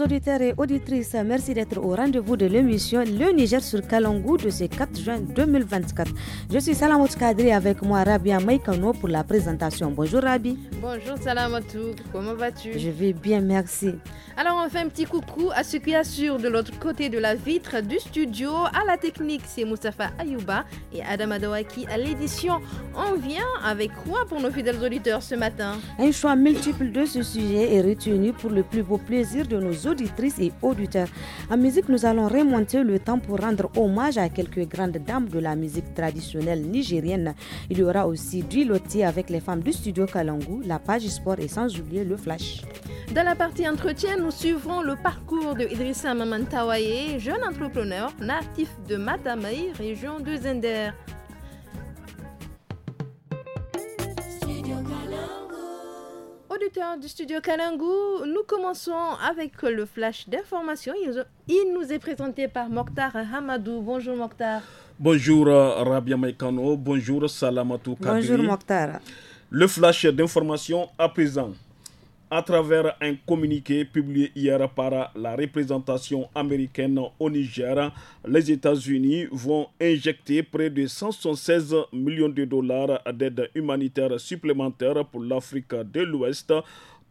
auditeurs et auditrices, merci d'être au rendez-vous de l'émission Le Niger sur Kalangou de ce 4 juin 2024. Je suis Salamot Kadri avec moi Rabia Maïkano pour la présentation. Bonjour Rabi. Bonjour Salamotou, comment vas-tu Je vais bien, merci. Alors on fait un petit coucou à ceux qui assurent de l'autre côté de la vitre du studio à la technique, c'est Moustapha Ayouba et Adam Adawaki à l'édition. On vient avec quoi pour nos fidèles auditeurs ce matin Un choix multiple de ce sujet est retenu pour le plus beau plaisir de nos auditrices et auditeurs. En musique, nous allons remonter le temps pour rendre hommage à quelques grandes dames de la musique traditionnelle nigérienne. Il y aura aussi du lotier avec les femmes du studio Kalangu, la page sport et sans oublier le flash. Dans la partie entretien, nous suivrons le parcours de Idrissa Mamantawaye, jeune entrepreneur natif de Matamai, région de Zender. du studio Kanangou, nous commençons avec le flash d'information. Il nous est présenté par Mokhtar Hamadou. Bonjour Mokhtar. Bonjour Rabia Mekano. Bonjour Salamatou Bonjour Mokhtar. Le flash d'information à présent à travers un communiqué publié hier par la représentation américaine au Niger, les États-Unis vont injecter près de 176 millions de dollars d'aide humanitaire supplémentaire pour l'Afrique de l'Ouest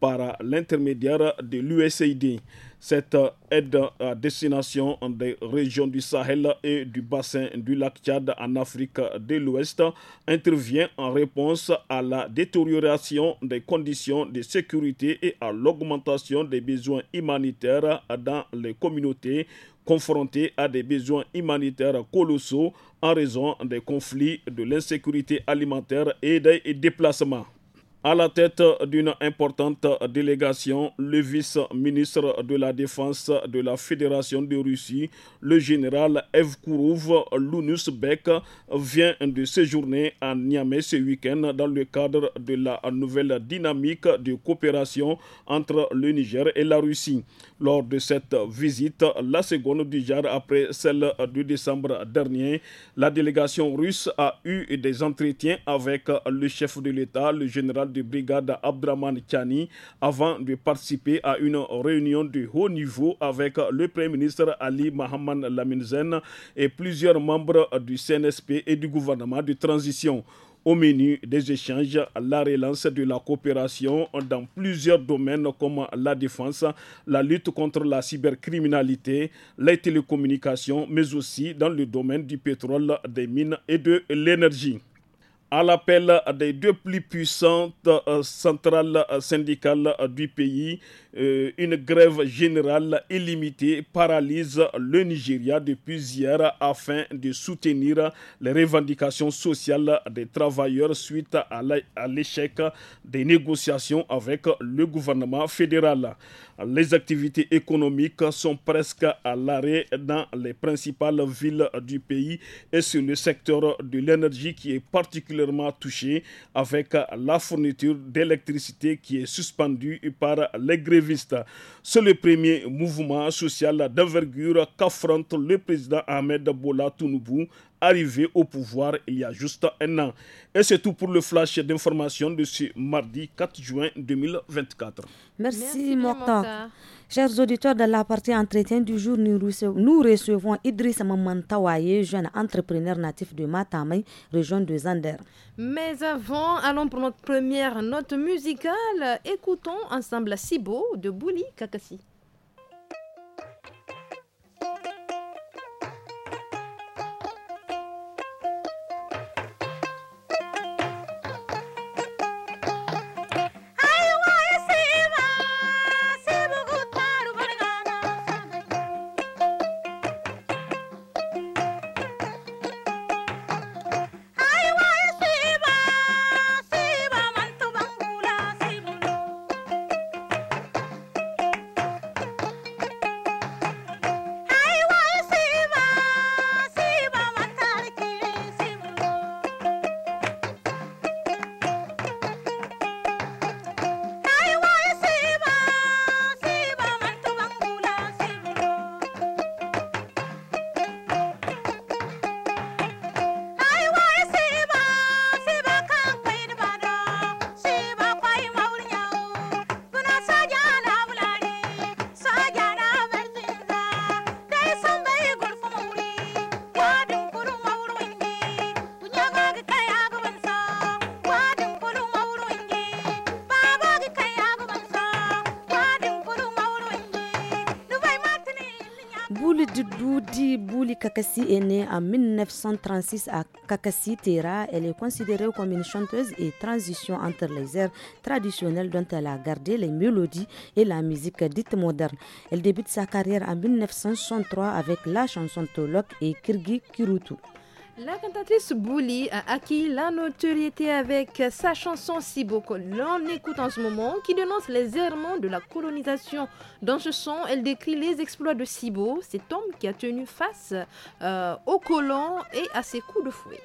par l'intermédiaire de l'USAID. Cette aide à destination des régions du Sahel et du bassin du lac Tchad en Afrique de l'Ouest intervient en réponse à la détérioration des conditions de sécurité et à l'augmentation des besoins humanitaires dans les communautés confrontées à des besoins humanitaires colossaux en raison des conflits, de l'insécurité alimentaire et des déplacements. À la tête d'une importante délégation, le vice-ministre de la Défense de la Fédération de Russie, le général Lunus Lounusbek, vient de séjourner à Niamey ce week-end dans le cadre de la nouvelle dynamique de coopération entre le Niger et la Russie. Lors de cette visite, la seconde du Jour après celle de décembre dernier, la délégation russe a eu des entretiens avec le chef de l'État, le général de brigade Abdraman Chani avant de participer à une réunion de haut niveau avec le Premier ministre Ali Mohamed Laminzen et plusieurs membres du CNSP et du gouvernement de transition au menu des échanges la relance de la coopération dans plusieurs domaines comme la défense, la lutte contre la cybercriminalité, les télécommunications, mais aussi dans le domaine du pétrole, des mines et de l'énergie à l'appel des deux plus puissantes euh, centrales euh, syndicales euh, du pays. Une grève générale illimitée paralyse le Nigeria depuis hier afin de soutenir les revendications sociales des travailleurs suite à l'échec des négociations avec le gouvernement fédéral. Les activités économiques sont presque à l'arrêt dans les principales villes du pays et sur le secteur de l'énergie qui est particulièrement touché avec la fourniture d'électricité qui est suspendue par les grévistes. C'est le premier mouvement social d'envergure qu'affronte le président Ahmed Bola Tounoubou arrivé au pouvoir il y a juste un an. Et c'est tout pour le flash d'information de ce mardi 4 juin 2024. Merci, Chers auditeurs de la partie entretien du jour, nous recevons, Idriss Mamantawaye, jeune entrepreneur natif de Matamay, région de Zander. Mais avant, allons pour notre première note musicale. Écoutons ensemble Sibo de Bouli Kakasi. Bouli Doudi Bouli Kakasi est née en 1936 à Kakasi Tera. Elle est considérée comme une chanteuse et transition entre les airs traditionnels dont elle a gardé les mélodies et la musique dite moderne. Elle débute sa carrière en 1963 avec la chanson Tolok et Kirgi Kirutu. La cantatrice Bouli a acquis la notoriété avec sa chanson Sibo que l'on écoute en ce moment, qui dénonce les errements de la colonisation. Dans ce son, elle décrit les exploits de Cibo, cet homme qui a tenu face euh, aux colons et à ses coups de fouet.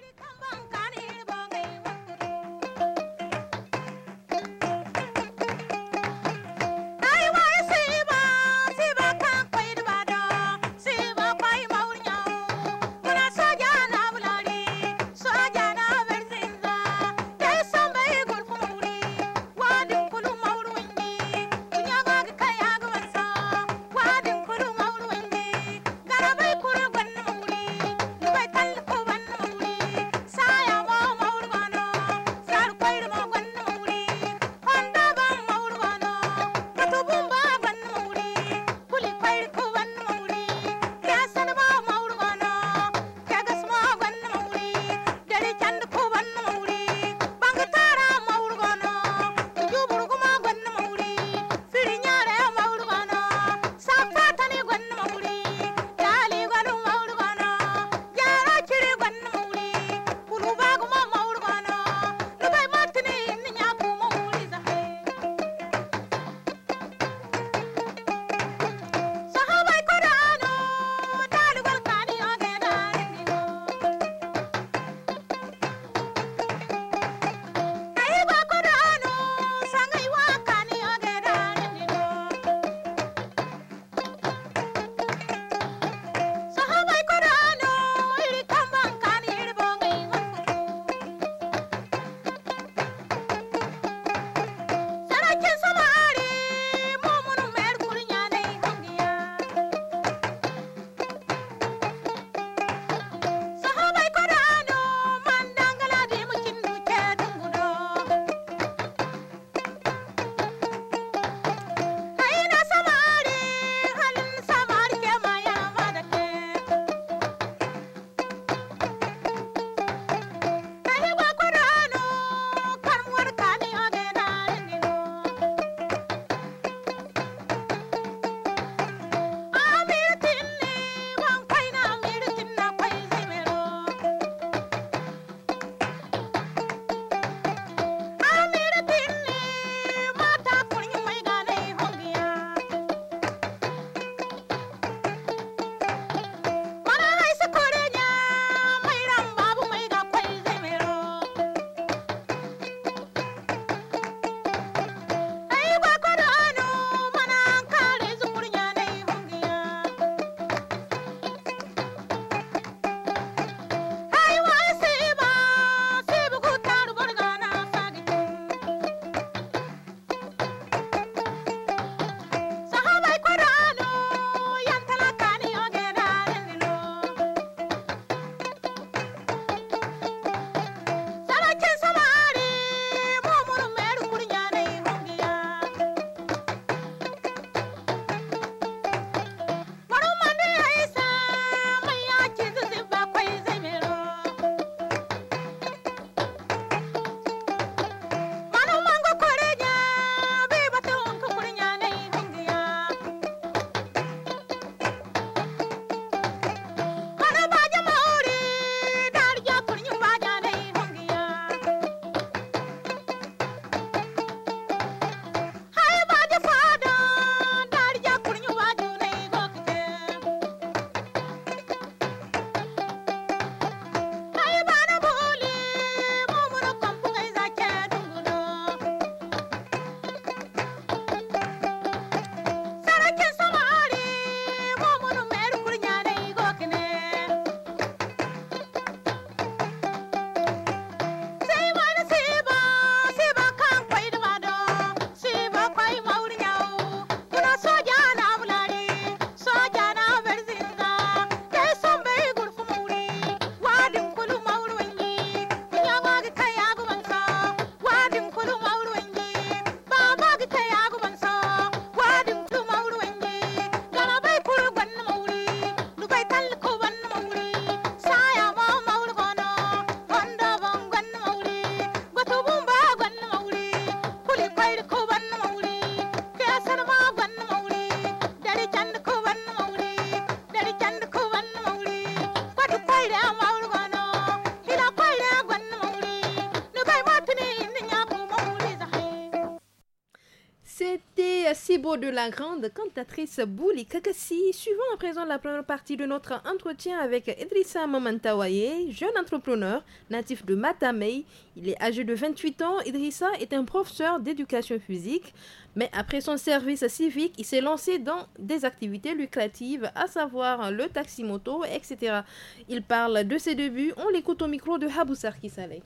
de la grande cantatrice Bouli Kakassi. Suivons à présent la première partie de notre entretien avec Idrissa Mamantawaye, jeune entrepreneur natif de Matamei. Il est âgé de 28 ans. Idrissa est un professeur d'éducation physique, mais après son service civique, il s'est lancé dans des activités lucratives, à savoir le taxi-moto, etc. Il parle de ses débuts. On l'écoute au micro de Haboussar Kisale.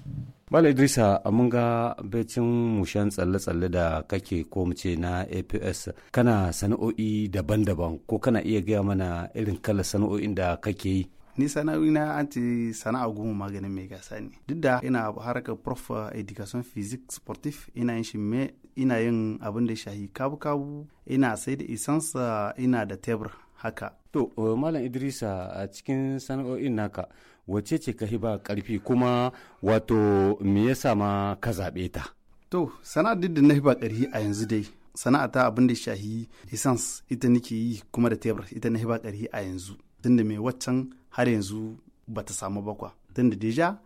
Bala Idrisa mun ga becin mushen tsalle-tsalle da kake ko mu ce na APS kana sana'o'i daban-daban ko kana iya gaya mana irin kala sana'o'in da kake yi. ni sana'o'i na anti sana'a goma maganin mai gasa ne duk da ina harkar prof uh, education physics sportif ina yin shi ina yin abin da shahi kabu-kabu ina sai da isansa uh, ina da tebur haka to uh, malam idrisa a cikin sana'o'in naka wace ce ka ba karfi kuma wato me yasa ma ka zaɓe ta to sana'ar da na ba karfi a yanzu dai sana'a ta abin da shahi lisans ita nake yi kuma da tebur ita na ba karfi a yanzu tunda mai waccan har yanzu bata samu bakwa tunda deja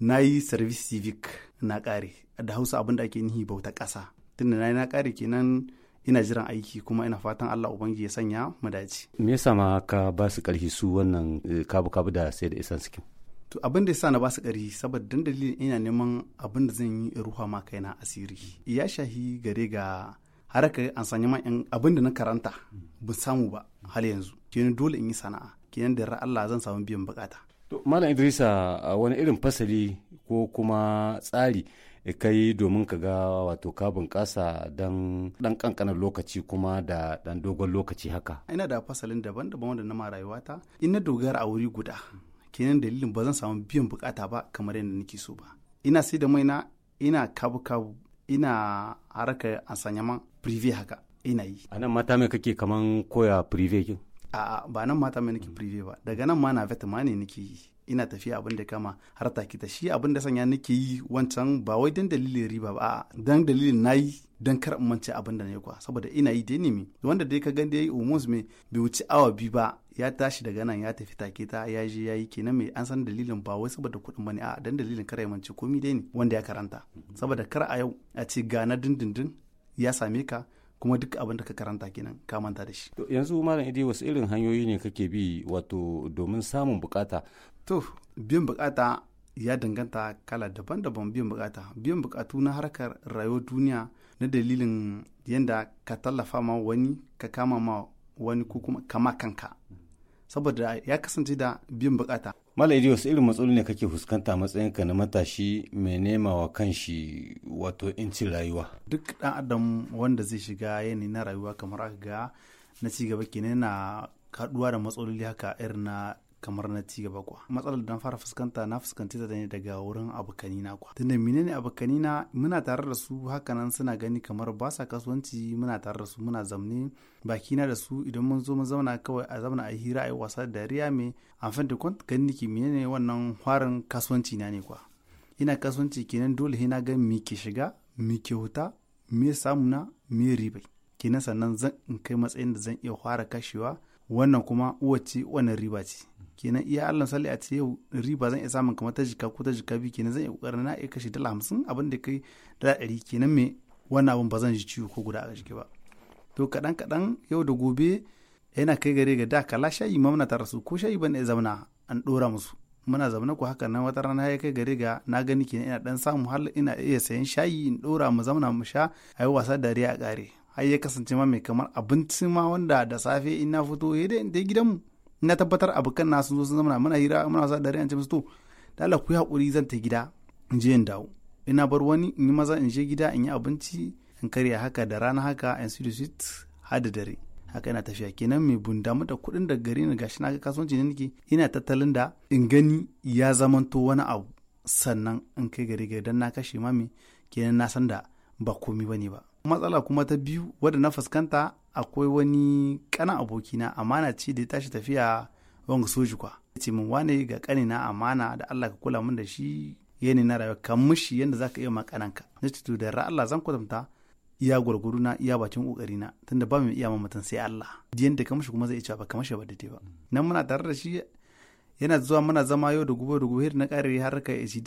na yi service civic na kare da hausa abin da ake nihi bauta ƙasa tunda na yi na kare kenan ina jiran aiki kuma ina fatan Allah ubangi ya sanya mu dace me yasa ma ka ba su karhi su wannan eh, kabu kabu da sai da isan sukin to abin da yasa na ba su karhi saboda dan dalilin ina neman abin da zan yi ruha ma kaina asiri ya shahi gare ga haraka an sanya ma abin da na karanta ba samu ba hal yanzu kenan dole in yi sana'a kenan da Allah zan samu biyan bukata Malam Idrisa wani irin fasali ko kuma tsari kai domin ka ga wato ka bunƙasa don ɗan ƙanƙanar lokaci kuma da ɗan dogon lokaci haka. Ina da fasalin daban-daban wanda na ma rayuwata. In na dogara a wuri guda kenan dalilin ba zan samu biyan bukata ba kamar yadda nake so ba. Ina sai da maina ina kabu-kabu ina haraka ansanyaman prive haka ina yi. A nan mata mai kake kaman koya prive kin? A'a ba nan mata mai nake prive ba daga nan ma na vet ma ne nake yi. ina tafiya abin da kama har take ta shi abin da sanya nake yi wancan ba wai dan dalilin riba ba a dan dalilin nayi dan kar in mance abin da nayi kwa saboda ina yi dai nemi wanda dai ka ga dai umus me bai wuce awa bi ba ya tashi daga nan ya tafi take ta ya je ya yi kenan mai an san dalilin ba wai saboda kuɗin bane a'a dan dalilin kar ya mance komi dai ne wanda ya karanta saboda kar a yau a ce na dindindin ya same ka kuma duk abin da ka karanta kenan ka manta da shi yanzu malam idi wasu irin hanyoyi ne kake bi wato domin samun bukata to biyan bukata ya danganta kala daban-daban biyan bukata biyan bukatu na harkar rayuwar duniya na dalilin yadda ka tallafa ma wani ka kama ma wani ko kuma kama kanka saboda ya kasance da biyan bukata mala idiyo wasu irin matsaloli ne kake fuskanta matsayinka na matashi mai nema wa kanshi wato incin rayuwa duk dan adam wanda zai shiga yanayi na rayuwa kamar aka ga na cigaba kenan na kaduwa da matsaloli haka irin na kamar na ci gaba kuwa matsalar da na fara fuskanta na fuskanci ta ne daga wurin abokani na kuwa tunda menene abokani muna tare da su hakanan suna gani kamar ba sa kasuwanci muna tare da su muna zamne baki na da su idan mun zo mun zauna kawai a zauna a hira a yi wasa da dariya mai amfani da kwan gani niki menene wannan farin kasuwanci na ne kuwa ina kasuwanci kenan dole ina ga me ke shiga me ke huta me samu na me ribai kenan sannan zan in kai matsayin da zan iya fara kashewa wannan kuma uwace wannan riba ce kenan iya allan salli a ce yau riba zan iya samun kamar ta jika ko ta jika biyu kenan zan iya kokarin na iya kashe dala hamsin abin da kai dala ɗari kenan me wannan abin ba zan ji ciwo ko guda a jiki ba to kaɗan kaɗan yau da gobe yana kai gare ga da kala shayi ma muna tara su ko shayi ban iya zamana an ɗora musu muna zamana ko haka nan wata rana ya kai gare ga na gani kenan ina dan samu har ina iya sayan shayi in ɗora mu zamana mu sha a yi wasa dariya a ƙare har ya kasance ma mai kamar abinci ma wanda da safe in na fito ya dai gidanmu ina tabbatar abokan na sun zo sun zama muna hira muna wasa dare an ce musu to da Allah ku yi hakuri zan ta gida in je in dawo ina bar wani in yi maza in je gida in yi abinci in karya haka da rana haka in su sweet har da dare haka ina tafiya kenan mai bunda da kuɗin da gari na gashi na ga kasuwanci ne nake ina tattalin da in gani ya zamanto wani abu sannan in kai gari gari dan na kashe mami kenan na san da ba komi bane ba matsala kuma ta biyu wadda na fuskanta akwai wani kanan abokina amana ce da ya tashi tafiya wanga soji kwa ce min wane ga kani na amana da Allah ka kula min da shi yani na rayuwa kan mushi yanda zaka iya ka na ce to da ra Allah zan kwatanta iya gwargwaro na iya bakin kokari na tunda ba mu iya ma mutum sai Allah da ka mushi kuma zai iya ba ka mushi ba daidai ba nan muna tare da shi yana zuwa muna zama yau da gobe da gobe na kare har ka ci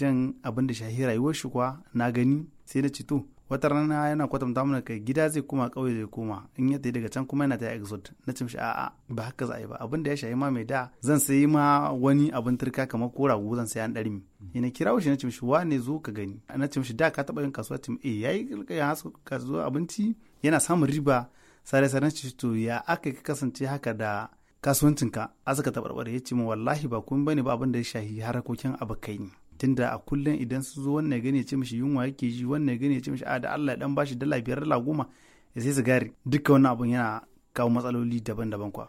abin da shahi rayuwar shi kwa na gani sai na ce to wata rana yana kwatanta mana kai gida zai koma kauye zai koma in ya tafi daga can kuma yana ta exot na ce mishi a'a ba haka za a yi ba abin da ya shayi ma mai da zan sayi ma wani abin turka kamar ko rago zan sayi an ɗari mi ina kira shi na ce mishi ne zo ka gani na ce mishi da ka taɓa yin kasuwa tim eh yayi ya hasu kasuwa abinci yana samun riba sare sare ce to ya aka kasance haka da kasuwancinka a suka taɓarɓare ya ce mu wallahi ba kun bane ba abin da ya shahi harakokin Abakai ne tunda a kullum idan su zo wannan ya ce mishi yunwa yake ji wannan ya ce mishi a da Allah dan bashi dala biyar dala goma ya sai sigari duka wannan abun yana kawo matsaloli daban-daban kwa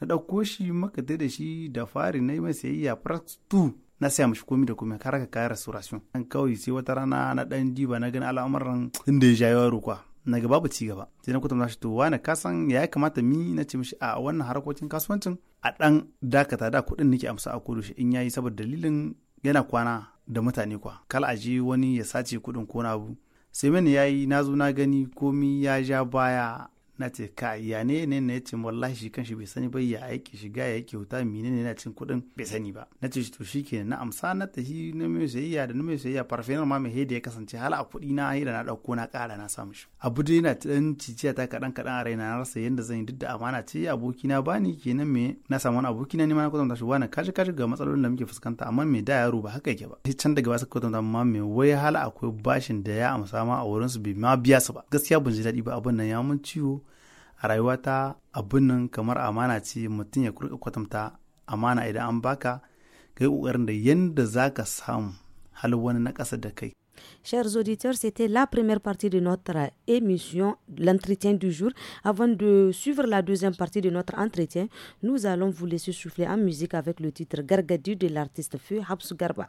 na ɗauko shi maka da shi da fari na yi mai sayayya prax 2 na saya mishi komi da komai kar ka kaya restoration an kawai sai wata rana na dan diba na gani al'amuran inda ya jayo kwa. na ga babu ci gaba sai na kuta shi to wani kasan ya kamata mi na ce mishi a wannan harkokin kasuwancin a dan dakata da kuɗin nake amsa a kodo shi in yayi saboda dalilin yana kwana da mutane kwa kal a wani ya sace kuɗin ko na abu sai ya yi na zo na gani komi ya ja baya na ce ka ya ne ne na ce wallahi shi kanshi bai sani ba ya aiki shiga ya aiki huta mine ne na cin kuɗin bai sani ba na ce to shikenan na amsa na tahi na mai sayayya da na mai sayayya farfenar ma mai da ya kasance hala a kuɗi na hira na ɗauko na ƙara na samu shi abu dai na ɗan ciciya ta kaɗan kaɗan a raina na rasa yadda zan yi duk da amana ce abokina ba ni kenan me na samu wani abokina ne ma na kwatanta shi wani kaji kaji ga matsalolin da muke fuskanta amma me da yaro ba haka yake ba sai can daga baya suka kwatanta amma me wai hala akwai bashin da ya amsa ma a wurinsu bai ma biya su ba gaskiya ban ji daɗi ba abin nan ya mun ciwo Chers auditeurs, c'était la première partie de notre émission, l'entretien du jour. Avant de suivre la deuxième partie de notre entretien, nous allons vous laisser souffler en musique avec le titre Gargadu de l'artiste feu Habsou Garba.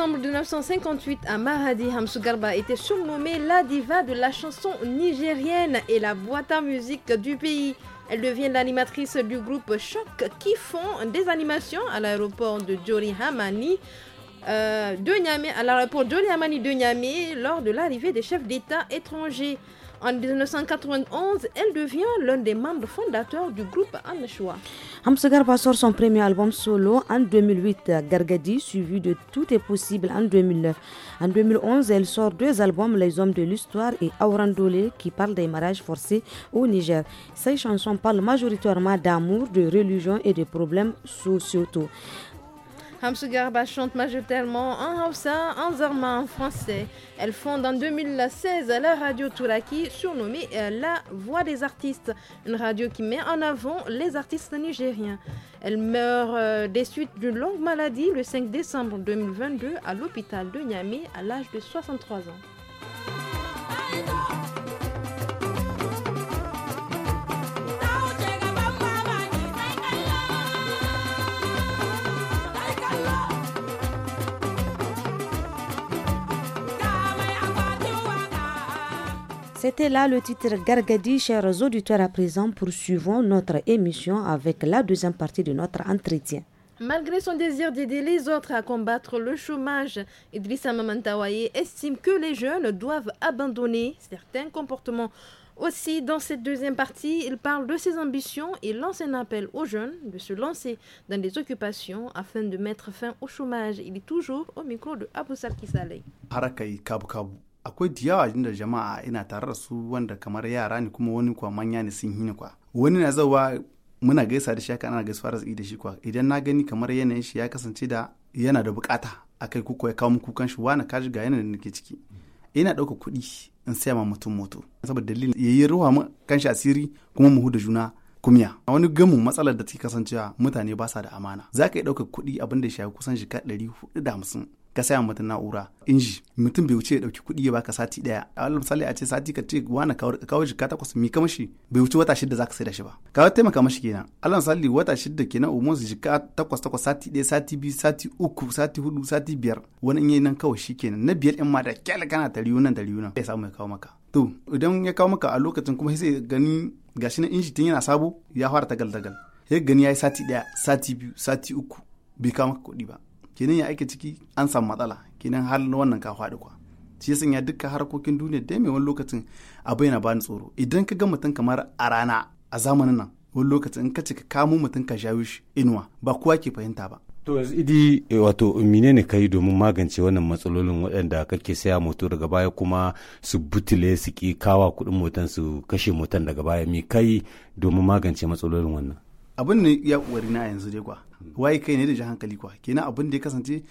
décembre 1958 à Hamsugarba était surnommée la diva de la chanson nigérienne et la boîte à musique du pays. Elle devient l'animatrice du groupe Choc qui font des animations à l'aéroport de Jolie Hamani. Euh, de Hamani de Niamey lors de l'arrivée des chefs d'État étrangers. En 1991, elle devient l'un des membres fondateurs du groupe Aneshwa. Hamza Garba sort son premier album solo en 2008, Gargadi, suivi de Tout est possible en 2009. En 2011, elle sort deux albums, Les Hommes de l'Histoire et Aurandolé, qui parlent des mariages forcés au Niger. Ses chansons parlent majoritairement d'amour, de religion et de problèmes sociaux. Hamsou Garba chante majoritairement en Hausa, en Zarma, en français. Elle fonde en 2016 la radio Turaki, surnommée euh, La Voix des artistes, une radio qui met en avant les artistes nigériens. Elle meurt euh, des suites d'une longue maladie le 5 décembre 2022 à l'hôpital de Niamey à l'âge de 63 ans. C'était là le titre Gargadi, chers auditeurs. À présent, poursuivons notre émission avec la deuxième partie de notre entretien. Malgré son désir d'aider les autres à combattre le chômage, Idrissa Mamantawaye estime que les jeunes doivent abandonner certains comportements. Aussi, dans cette deuxième partie, il parle de ses ambitions et lance un appel aux jeunes de se lancer dans des occupations afin de mettre fin au chômage. Il est toujours au micro de Abou Saleh. akwai diyawa da jama'a ina tare da su wanda kamar yara ne kuma wani kwa manya ne sun ni kwa wani na zauwa muna gaisa da shi haka ana gaisuwa arziki da shi kwa idan na gani kamar yanayin shi ya kasance da yana da bukata a kai kuka ya kawo kukan shi wani ka ga yanayin da nake ciki ina ɗauka kuɗi in saya ma mutum moto saboda dalilin ya yi ruwa mu kanshi asiri kuma mu huda juna kumya a wani gamu matsalar da take kasancewa mutane ba sa da amana za ka yi ɗaukar kuɗi abinda da ya kusan jika ɗari hudu da hamsin ka saya mutum na'ura inji mutum bai wuce ya dauki kuɗi ya baka sati daya a misali a ce sati ka ce wani ka kawo shi ka takwas mi ka mashi bai wuce wata shida zaka sai da shi ba ka taimaka mashi kenan alal misali wata shida kenan umar su jika takwas takwas sati daya sati biyu sati uku sati hudu sati biyar wani in nan kawai shi kenan na biyar in ma da kyale kana riyu nan da riyu nan ya samu ya kawo maka to idan ya kawo maka a lokacin kuma sai gani gashi na inji tun yana sabo ya fara tagal tagal ya gani ya yi sati daya sati biyu sati uku bai kawo maka kuɗi ba kenan ya aika ciki an samu matsala kenan har wannan ka faɗi kwa shi ya sanya duka harkokin duniya da mai wani lokacin abu yana bani tsoro idan ka ga mutum kamar a rana a zamanin nan wani lokacin in ka ce ka kamo mutum ka shawo inuwa ba kowa ke fahimta ba to yanzu idi eh, wato mine ne kai domin magance wannan matsalolin waɗanda kake saya moto daga baya kuma su butule su ki kawa kuɗin motan su kashe motan daga baya mi kai domin magance matsalolin wannan abin ne ya wari na yanzu dai kwa waye kai ne da ji hankali kwa kenan abin da ya kasance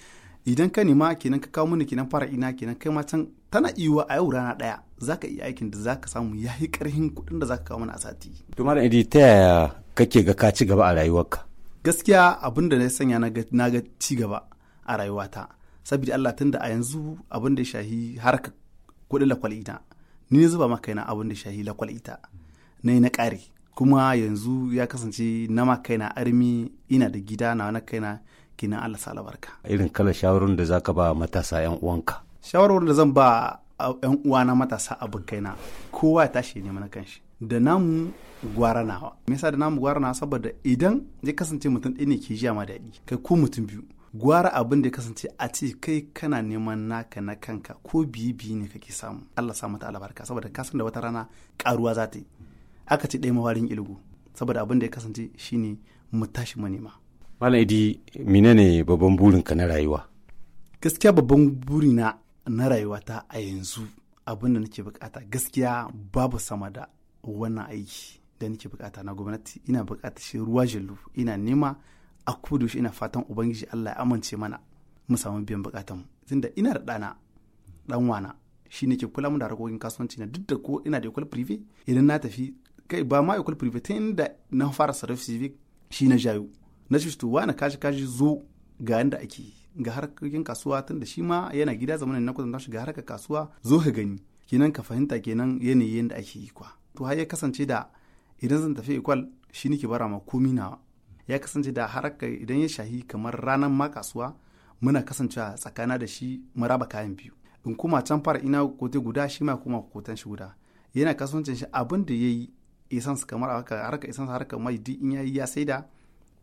idan ka nema kenan ka kawo mini kenan fara ina kenan kai ma can tana iwa a yau rana daya zaka iya aikin da zaka samu ya yi karhin kuɗin da zaka kawo mana a sati. to malam idi ta yaya kake ga ka ci gaba a rayuwarka. gaskiya abin da na sanya na ga ci gaba a rayuwata saboda Allah tunda a yanzu abin da shahi harka kuɗin lakwal ita ni ne zuba maka yana abin da shahi lakwal ita na yi na kare. kuma yanzu ya kasance na ma kaina armi ina da gida na na kaina kinan Allah sa irin kala shawarun da zaka ba matasa yan uwanka shawarwarin da zan ba yan uwana matasa abin kaina kowa ya tashi neman kanshi da namu gwara nawa me yasa da namu gwara nawa saboda idan ya kasance mutum ɗaya ne ke jiya ma daɗi kai ko mutum biyu gwara abin da ya kasance a ce kai kana neman naka na kanka ko biyu biyu ne kake samu Allah sa mata albarka saboda kasan da wata rana karuwa za ta yi aka ci ɗaya mawarin ilgu saboda abin da ya kasance shine mu tashi manema malam idi ne babban burinka na rayuwa gaskiya babban burina na rayuwata a yanzu abin da nake bukata gaskiya babu sama da wannan aiki da nake bukata na gwamnati ina bukata shi ruwa jallu ina nema a kudu shi ina fatan ubangiji Allah ya amince mana mu samu biyan bukatan tunda ina da ɗana ɗan wana shi ne ke kula mun da harkokin kasuwanci na duk da ko ina da kula prive idan na tafi kai ba ma école privée ta inda na fara service civic shi na jayo na shi to wani kashi kashi zo ga yanda ake ga harkokin kasuwa tun da shi ma yana gida zamanin na kusan shi ga harkar kasuwa zo ka gani kenan ka fahimta kenan yanayin da ake yi kwa to har ya kasance da idan zan tafi ikwal shi nake bara ma komi nawa ya kasance da haraka idan ya shahi kamar ranar ma kasuwa muna kasancewa tsakana da shi maraba kayan biyu in kuma can fara ina kote guda shi ma kuma kotan shi guda yana kasuwancin shi abin da ya yi isansu kamar haka harka isansu harka mai duk in yayi ya saida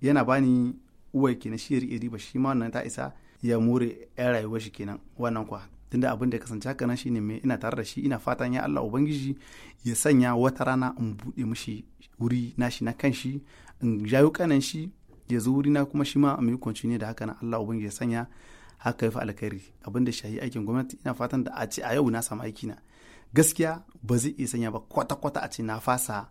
yana bani uwai kenan shi iri ba shi ma wannan ta isa ya more yan rayuwar shi kenan wannan kwa tunda abin da ya kasance haka nan shine me ina tare da shi ina fatan ya Allah ubangiji ya sanya wata rana in bude mishi wuri nashi na kan shi. in jayo kanan shi ya zo wuri na kuma shi ma mai kwanci ne da haka nan Allah ubangiji ya sanya haka ya fi alkhairi abin da shahi aikin gwamnati ina fatan da a ce a yau na samu aiki na gaskiya ba zai iya sanya ba kwata kwata a ce na fasa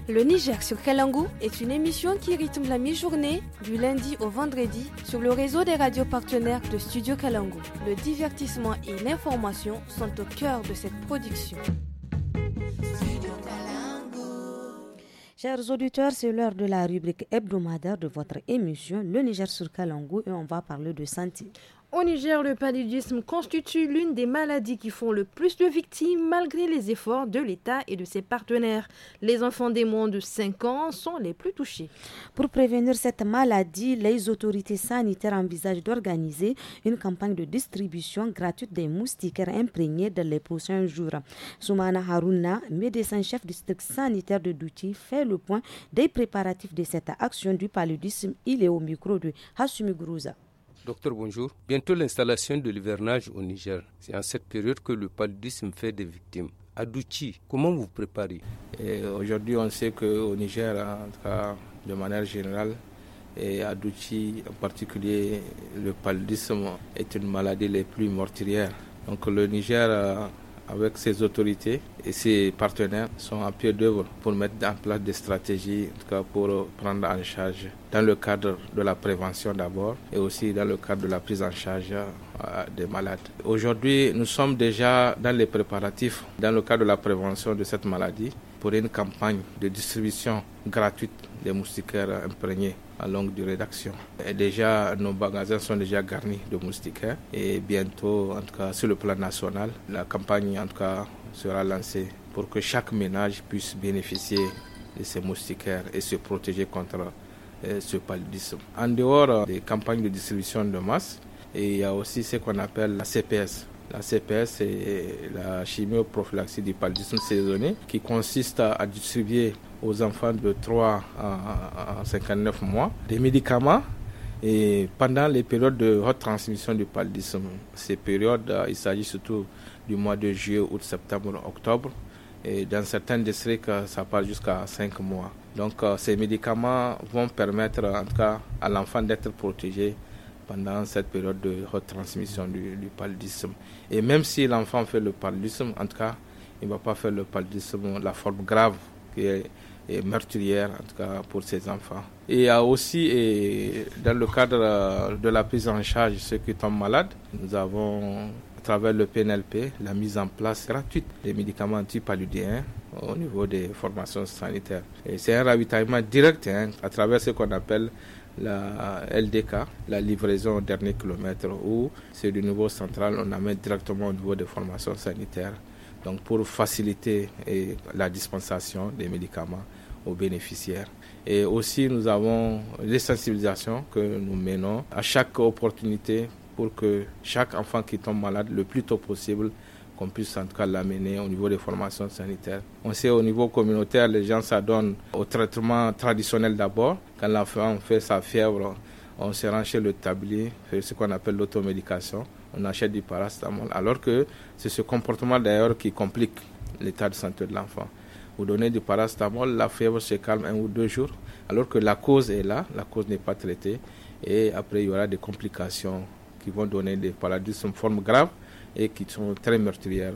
Le Niger sur Kalangu est une émission qui rythme la mi-journée du lundi au vendredi sur le réseau des radios partenaires de Studio Kalangu. Le divertissement et l'information sont au cœur de cette production. Chers auditeurs, c'est l'heure de la rubrique hebdomadaire de votre émission Le Niger sur Kalangu et on va parler de santé. Au Niger, le paludisme constitue l'une des maladies qui font le plus de victimes malgré les efforts de l'État et de ses partenaires. Les enfants des moins de 5 ans sont les plus touchés. Pour prévenir cette maladie, les autorités sanitaires envisagent d'organiser une campagne de distribution gratuite des moustiquaires imprégnés dans les prochains jours. Soumana Harouna, médecin-chef du district sanitaire de Douti, fait le point des préparatifs de cette action du paludisme. Il est au micro de Hassumi Grouza. Docteur, bonjour. Bientôt l'installation de l'hivernage au Niger. C'est en cette période que le paludisme fait des victimes. Adouchi, comment vous préparez Aujourd'hui, on sait qu'au Niger, de manière générale, et Adouchi en particulier, le paludisme est une maladie les plus mortifère. Donc le Niger euh, avec ses autorités et ses partenaires sont à pied d'œuvre pour mettre en place des stratégies en tout cas pour euh, prendre en charge dans le cadre de la prévention d'abord et aussi dans le cadre de la prise en charge euh, des malades. Aujourd'hui, nous sommes déjà dans les préparatifs dans le cadre de la prévention de cette maladie pour une campagne de distribution gratuite des moustiquaires imprégnés à longue durée d'action. Et déjà, nos magasins sont déjà garnis de moustiquaires et bientôt, en tout cas sur le plan national, la campagne en tout cas sera lancée pour que chaque ménage puisse bénéficier de ces moustiquaires et se protéger contre euh, ce paludisme. En dehors euh, des campagnes de distribution de masse, il y a aussi ce qu'on appelle la CPS. La CPS, c'est la chimioprophylaxie du paludisme saisonnier, qui consiste à distribuer aux enfants de 3 à 59 mois, des médicaments et pendant les périodes de haute transmission du paludisme, ces périodes, euh, il s'agit surtout du mois de juillet, août, septembre, octobre. Et dans certains districts, euh, ça part jusqu'à 5 mois. Donc euh, ces médicaments vont permettre en tout cas à l'enfant d'être protégé pendant cette période de retransmission du, paludisme. Et même si l'enfant fait le paludisme, en tout cas, il ne va pas faire le paludisme, la forme grave qui est et meurtrière, en tout cas pour ces enfants. Et il y a aussi, dans le cadre euh, de la prise en charge de ceux qui tombent malades, nous avons, à travers le PNLP, la mise en place gratuite des médicaments antipaludéens au niveau des formations sanitaires. Et c'est un ravitaillement direct hein, à travers ce qu'on appelle la LDK, la livraison au dernier kilomètre, où c'est du nouveau central, on amène directement au niveau des formations sanitaires donc pour faciliter eh, la dispensation des médicaments aux bénéficiaires. Et aussi, nous avons les sensibilisations que nous menons à chaque opportunité pour que chaque enfant qui tombe malade le plus tôt possible qu'on puisse en tout cas l'amener au niveau des formations sanitaires. On sait au niveau communautaire, les gens s'adonnent au traitement traditionnel d'abord. Quand l'enfant fait sa fièvre, on se rend chez le tablier, fait ce qu'on appelle l'automédication on achète du parastamol. Alors que c'est ce comportement d'ailleurs qui complique l'état de santé de l'enfant. Vous donnez du paracétamol, la fièvre se calme un ou deux jours, alors que la cause est là, la cause n'est pas traitée, et après il y aura des complications qui vont donner des paradis en forme grave et qui sont très meurtrières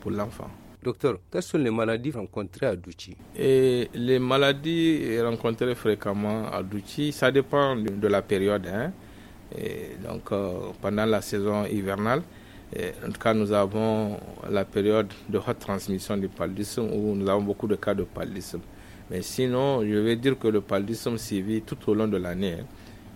pour l'enfant. Docteur, quelles sont les maladies rencontrées à Douchi et Les maladies rencontrées fréquemment à Douchi, ça dépend de la période. Hein donc, euh, pendant la saison hivernale, euh, en tout cas, nous avons la période de haute transmission du paludisme où nous avons beaucoup de cas de paludisme. Mais sinon, je vais dire que le paludisme s'y vit tout au long de l'année, hein.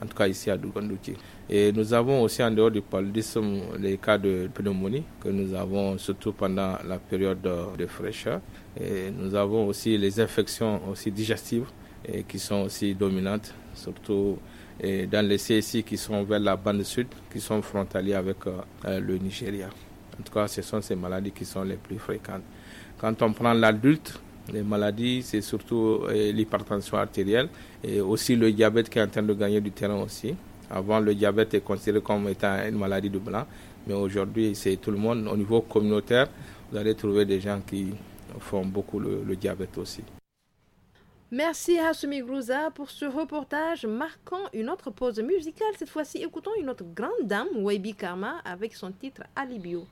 en tout cas ici à Dougandouti. Et nous avons aussi en dehors du paludisme les cas de pneumonie que nous avons surtout pendant la période de fraîcheur. Et nous avons aussi les infections aussi digestives et qui sont aussi dominantes, surtout et dans les CSI qui sont vers la bande sud, qui sont frontaliers avec euh, euh, le Nigeria. En tout cas, ce sont ces maladies qui sont les plus fréquentes. Quand on prend l'adulte, les maladies, c'est surtout euh, l'hypertension artérielle et aussi le diabète qui est en train de gagner du terrain aussi. Avant, le diabète est considéré comme étant une maladie de blanc, mais aujourd'hui, c'est tout le monde. Au niveau communautaire, vous allez trouver des gens qui font beaucoup le diabète aussi. Merci Hasumi Grouza pour ce reportage marquant une autre pause musicale. Cette fois-ci, écoutons une autre grande dame, Weibi Karma, avec son titre Alibio.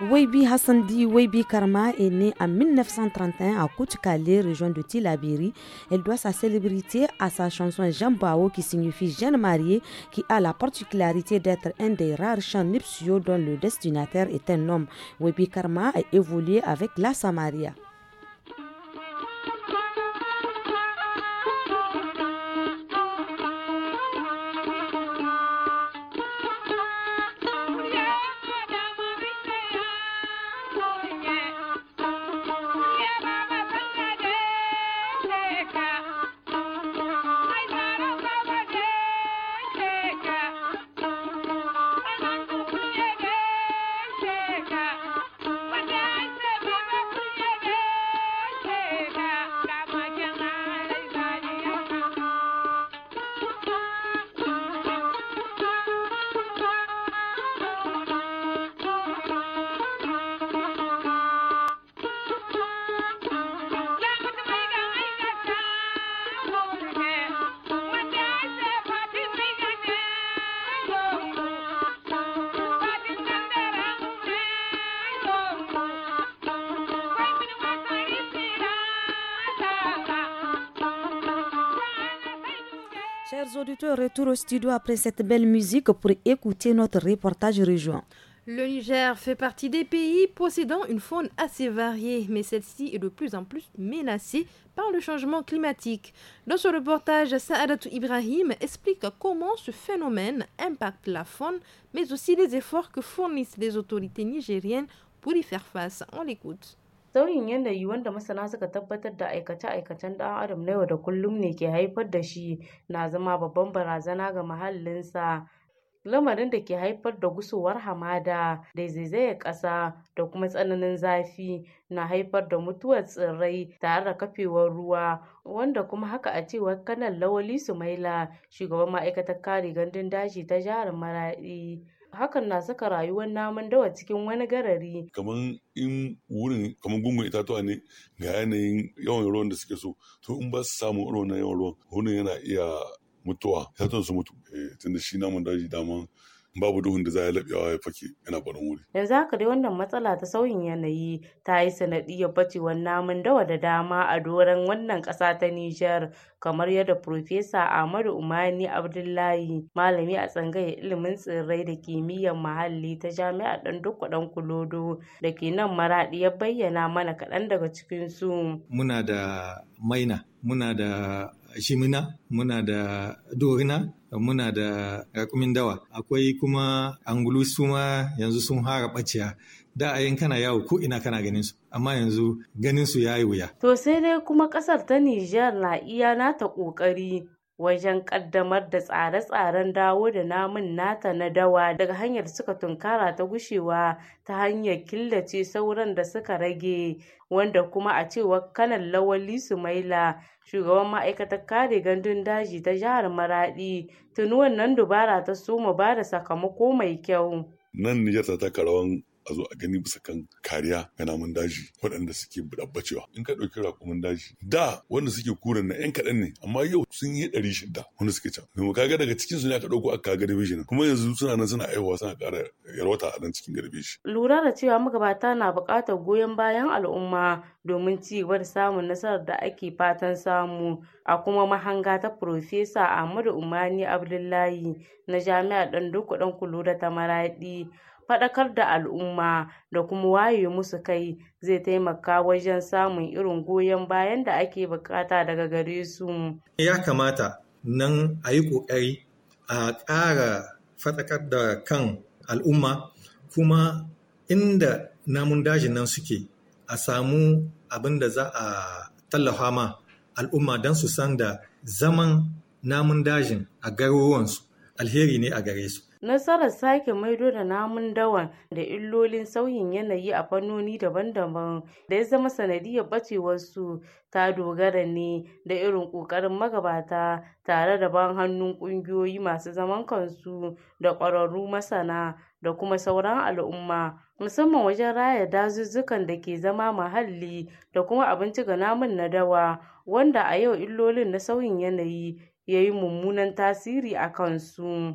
Weibi Hassandi Weibi Karma est née en 1931 à Kouchkale, région de Tilabiri. Elle doit sa célébrité à sa chanson Jambao qui signifie jeune mariée qui a la particularité d'être un des rares chants nuptiaux dont le destinataire est un homme. Weibi Karma a évolué avec la Samaria. au studio après cette belle musique pour écouter notre reportage région. Le Niger fait partie des pays possédant une faune assez variée, mais celle-ci est de plus en plus menacée par le changement climatique. Dans ce reportage, Saadatou Ibrahim explique comment ce phénomène impacte la faune, mais aussi les efforts que fournissent les autorités nigériennes pour y faire face. On l'écoute. Sauyin yanayi wanda masana suka tabbatar da aikace-aikacen ɗan adam na yau da kullum ne ke haifar da shi na zama babban barazana ga muhallinsa. lamarin da ke haifar da gusowar hamada da zaizayar ƙasa da kuma tsananin zafi na haifar da mutuwar tsirrai tare da kafewar ruwa wanda kuma haka a cewar kanan lawali sumaila shugaban ma'aikatar kare gandun daji ta jihar maradi hakan na saka rayuwar namun dawa cikin wani garari. Kamar in wurin kamar gungun itatuwa ne ga yanayin yawan ruwan da suke so to in ba su samu irin yawan ruwan wurin yana iya mutuwa itatuwan su mutu eh, tunda shi namun daji daman babu duhun da za ya laɓe ya fake yana barin wuri. Yanzu haka dai wannan matsala ta sauyin yanayi ta yi sanadiyar bacewar namun dawa da dama a doron wannan ƙasa ta Nijar kamar yadda Profesa Ahmadu Umani Abdullahi malami a tsangayar ilimin tsirrai da kimiyyar muhalli ta jami'ar ɗan dukkan kulodo da ke nan maraɗi ya bayyana mana kaɗan daga cikin su. Muna da maina, muna da shimina, muna da dorina, muna da rakumin dawa akwai kuma angulu su ma yanzu sun hara ɓaciya da a kana yawo ko ina kana ganin su amma yanzu ganin su yayi wuya to sai dai kuma kasar ta Nijar na iya nata kokari wajen ƙaddamar da tsare-tsaren dawo da namun nata na dawa daga hanyar suka tunkara ta gushewa ta hanyar killace sauran da suka rage wanda kuma a cewar kanan lawali maila shugaban ma'aikatar kare gandun daji ta jihar maradi tuni wannan dubara ta soma ba da sakamako mai kyau nan nijar ta taka a zo a gani bisa kan kariya ga namun daji waɗanda suke dabbacewa in ka ɗauki raƙumin daji da wanda suke kuren na yan kaɗan ne amma yau sun yi ɗari shida wanda suke can domin kaga daga cikin su ne aka ɗauko aka garbe shi kuma yanzu suna nan suna aihuwa suna ƙara yarwata a nan cikin garbi shi. lura da cewa magabata na buƙatar goyon bayan al'umma domin ci gaba da samun nasarar da ake fatan samu a kuma mahanga ta Profesa Ahmadu Umani Abdullahi na Jami'ar ɗan Danku Kulu ta Maraɗi. faɗakar da al'umma da kuma waye musu kai zai taimaka wajen samun irin goyon bayan da ake bukata daga gare su. Ya kamata nan a yi ƙoƙari a ƙara faɗakar da kan al'umma kuma inda namun dajin nan suke a samu abin da za a tallafa ma al'umma don su san da zaman namun dajin a garuruwansu alheri ne a gare su. Nasarar sake maido da namun dawan da illolin sauyin yanayi a fannoni daban-daban da ya zama sanadiyar ɓacewarsu ta dogara ne da irin ƙoƙarin magabata tare da ban hannun ƙungiyoyi masu zaman kansu da ƙwararru masana da kuma sauran al'umma musamman wajen raya dazuzzukan da ke zama muhalli da kuma abinci ga namun na dawa wanda a yau illolin na sauyin yanayi ya yi mummunan tasiri a kansu.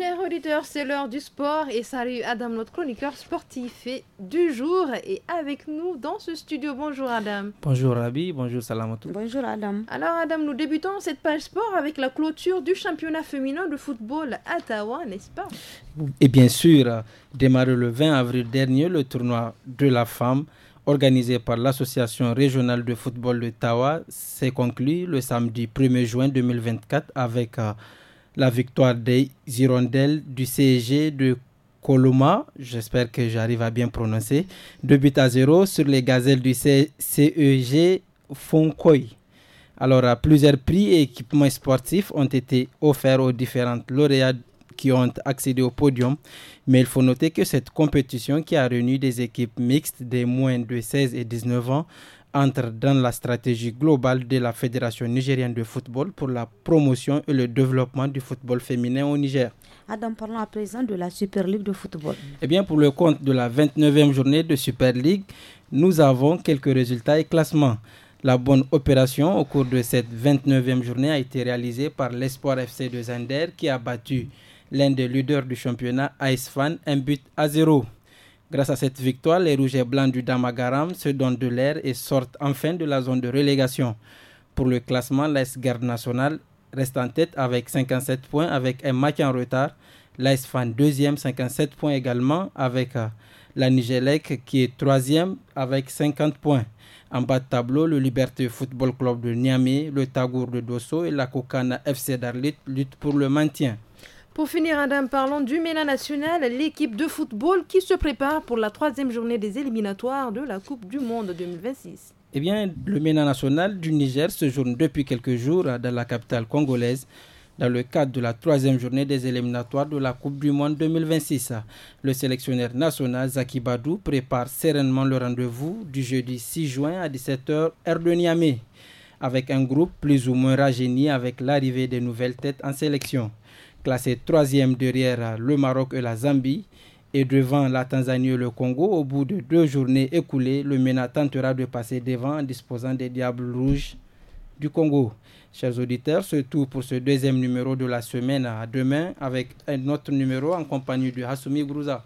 chers auditeurs, c'est l'heure du sport et salut Adam, notre chroniqueur sportif du jour et avec nous dans ce studio. Bonjour Adam. Bonjour Rabi, bonjour Salamatou. Bonjour Adam. Alors Adam, nous débutons cette page sport avec la clôture du championnat féminin de football à Tawa, n'est-ce pas Et bien sûr, démarré le 20 avril dernier, le tournoi de la femme organisé par l'Association régionale de football de Tawa s'est conclu le samedi 1er juin 2024 avec... Euh, la victoire des Hirondelles du CEG de Coloma, j'espère que j'arrive à bien prononcer, 2 buts à 0 sur les gazelles du CEG Fonkoy. Alors, plusieurs prix et équipements sportifs ont été offerts aux différentes lauréates qui ont accédé au podium. Mais il faut noter que cette compétition qui a réuni des équipes mixtes des moins de 16 et 19 ans entre dans la stratégie globale de la Fédération nigérienne de football pour la promotion et le développement du football féminin au Niger. Adam, parlons à présent de la Super League de football. Eh bien, pour le compte de la 29e journée de Super League, nous avons quelques résultats et classements. La bonne opération au cours de cette 29e journée a été réalisée par l'Espoir FC de Zander qui a battu l'un des leaders du championnat, Ice Fan, un but à zéro. Grâce à cette victoire, les Rouges et Blancs du Damagaram se donnent de l'air et sortent enfin de la zone de relégation. Pour le classement, l'AS Garde nationale reste en tête avec 57 points avec un match en retard. L'AS Fan deuxième, 57 points également avec euh, la Nigelec qui est troisième avec 50 points. En bas de tableau, le Liberté Football Club de Niamey, le Tagour de Dosso et la Kokana FC d'Arlit luttent pour le maintien. Pour finir, Adam, parlons du Ménat national, l'équipe de football qui se prépare pour la troisième journée des éliminatoires de la Coupe du Monde 2026. Eh bien, le Ménat national du Niger se journe depuis quelques jours dans la capitale congolaise dans le cadre de la troisième journée des éliminatoires de la Coupe du Monde 2026. Le sélectionneur national Zaki Badou prépare sereinement le rendez-vous du jeudi 6 juin à 17h heure de Niamey avec un groupe plus ou moins rajeuni avec l'arrivée des nouvelles têtes en sélection classé troisième derrière le Maroc et la Zambie. Et devant la Tanzanie et le Congo, au bout de deux journées écoulées, le MENA tentera de passer devant en disposant des Diables Rouges du Congo. Chers auditeurs, c'est tout pour ce deuxième numéro de la semaine. À demain avec un autre numéro en compagnie de Hassoumi Grouza.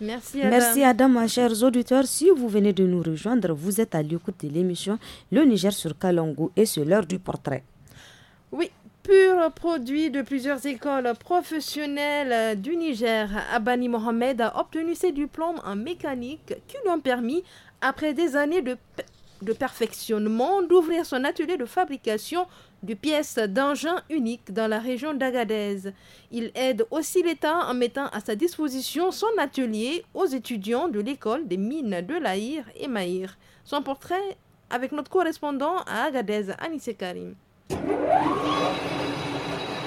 Merci Adam. Merci Adam, chers auditeurs. Si vous venez de nous rejoindre, vous êtes à l'écoute de l'émission Le Niger sur Kalongo et c'est l'heure du portrait. Oui, pur produit de plusieurs écoles professionnelles du Niger, Abani Mohamed a obtenu ses diplômes en mécanique qui lui ont permis, après des années de, perfectionnement, d'ouvrir son atelier de fabrication de pièces d'engins uniques dans la région d'Agadez. Il aide aussi l'État en mettant à sa disposition son atelier aux étudiants de l'école des mines de Laïr et Maïr. Son portrait avec notre correspondant à Agadez, Anissé Karim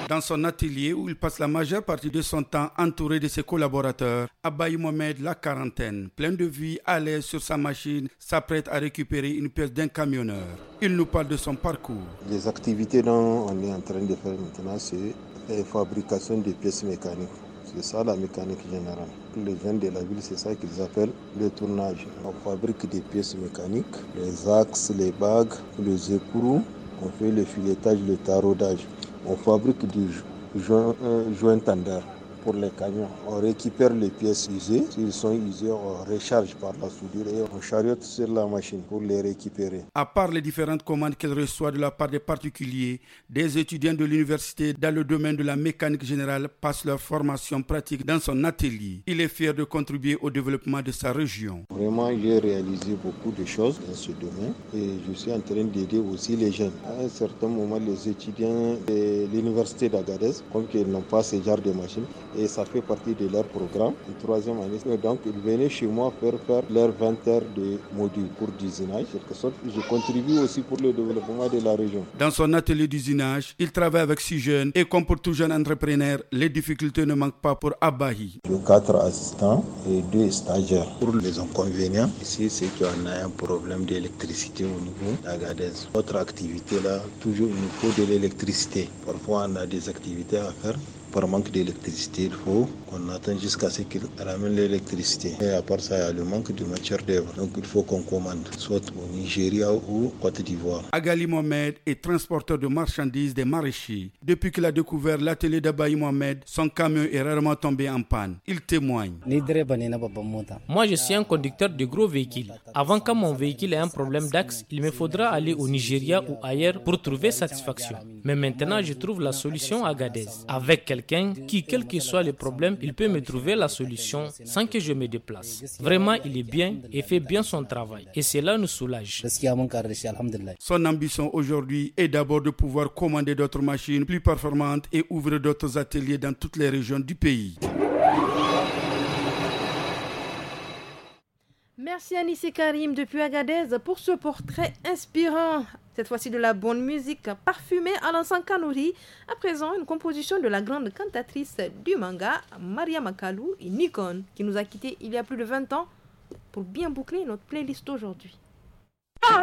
dans son atelier où il passe la majeure partie de son temps entouré de ses collaborateurs. Abaï Mohamed, la quarantaine, plein de vie, à l'aise sur sa machine, s'apprête à récupérer une pièce d'un camionneur. Il nous parle de son parcours. Les activités dont on est en train de faire maintenant, c'est la fabrication des pièces mécaniques. C'est ça la mécanique générale. Les jeunes de la ville, c'est ça qu'ils appellent le tournage. On fabrique des pièces mécaniques, les axes, les bagues, les écrous. On fait le filetage, le taraudage on fabrique du euh, joint, pour les camions. On récupère les pièces usées. S'ils sont usés, on recharge par la soudure et on chariote sur la machine pour les récupérer. À part les différentes commandes qu'elle reçoit de la part des particuliers, des étudiants de l'université dans le domaine de la mécanique générale passent leur formation pratique dans son atelier. Il est fier de contribuer au développement de sa région. Vraiment, j'ai réalisé beaucoup de choses dans ce domaine et je suis en train d'aider aussi les jeunes. À un certain moment, les étudiants de l'université d'Agadez, comme qu'ils n'ont pas ce genre de machine, et ça fait partie de leur programme. Le troisième année, donc ils venaient chez moi faire faire leurs 20 heures de modules pour d'usinage. Quelque sorte, je contribue aussi pour le développement de la région. Dans son atelier d'usinage, il travaille avec six jeunes et comme pour tout jeune entrepreneur, les difficultés ne manquent pas pour Abahi. J'ai quatre assistants et deux stagiaires. Pour les inconvénients, ici c'est qu'on a un problème d'électricité au niveau d'Agadez. Autre activité là, toujours il nous faut de l'électricité. Parfois on a des activités à faire manque d'électricité, il faut qu'on attend jusqu'à ce qu'il ramène l'électricité. Et à part ça, il y a le manque de matière d'œuvre. Donc il faut qu'on commande, soit au Nigeria ou au Côte d'Ivoire. Agali Mohamed est transporteur de marchandises des maraîchers. Depuis qu'il a découvert l'atelier d'Abaï Mohamed, son camion est rarement tombé en panne. Il témoigne. Moi, je suis un conducteur de gros véhicules. Avant quand mon véhicule ait un problème d'axe, il me faudra aller au Nigeria ou ailleurs pour trouver satisfaction. Mais maintenant, je trouve la solution à Gadez. Avec quelqu'un qui, quel que soit le problème, il peut me trouver la solution sans que je me déplace. Vraiment, il est bien et fait bien son travail. Et cela nous soulage. Son ambition aujourd'hui est d'abord de pouvoir commander d'autres machines plus performantes et ouvrir d'autres ateliers dans toutes les régions du pays. Merci Anissé Karim depuis Agadez pour ce portrait inspirant. Cette fois-ci de la bonne musique parfumée à Kanuri. À présent, une composition de la grande cantatrice du manga, Maria Makalu et Nikon, qui nous a quittés il y a plus de 20 ans pour bien boucler notre playlist aujourd'hui. Oh,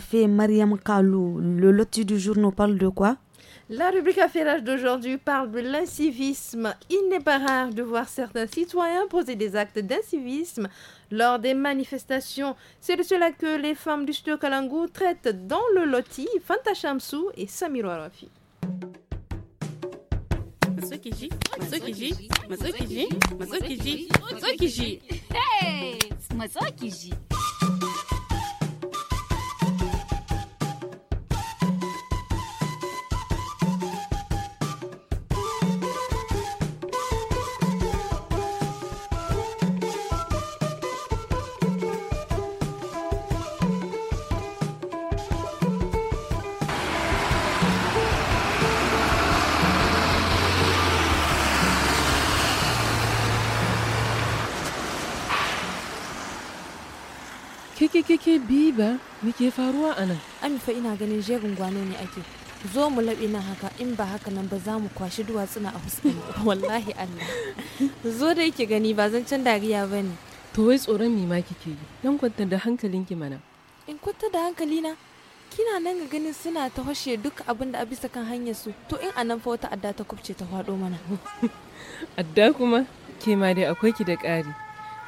fait Mariam Kalou. Le loti du jour nous parle de quoi la rubrique affaires d'aujourd'hui parle de l'incivisme. Il n'est pas rare de voir certains citoyens poser des actes d'incivisme lors des manifestations. C'est de cela que les femmes du studio Kalangu traitent dans le loti Fanta Shamsou et Samiro Rafi. Hey ke bi ni ke faruwa a nan amifa ina ganin jerin gwano ne ake zo mu laɓe nan haka in ba haka nan ba za mu kwashi duwatsuna a huskari wallahi allah zo da yake gani ba zan can dariya ba ne to wai tsoron mi ma kike yi dan kwanta da hankalinki mana in kwanta da hankalina kina nan ga ganin suna ta hashe duk abin da a bisa kan hanyar su to in a nan fa wata adda ta kubce ta faɗo mana adda kuma ke ma dai akwai ki da ƙari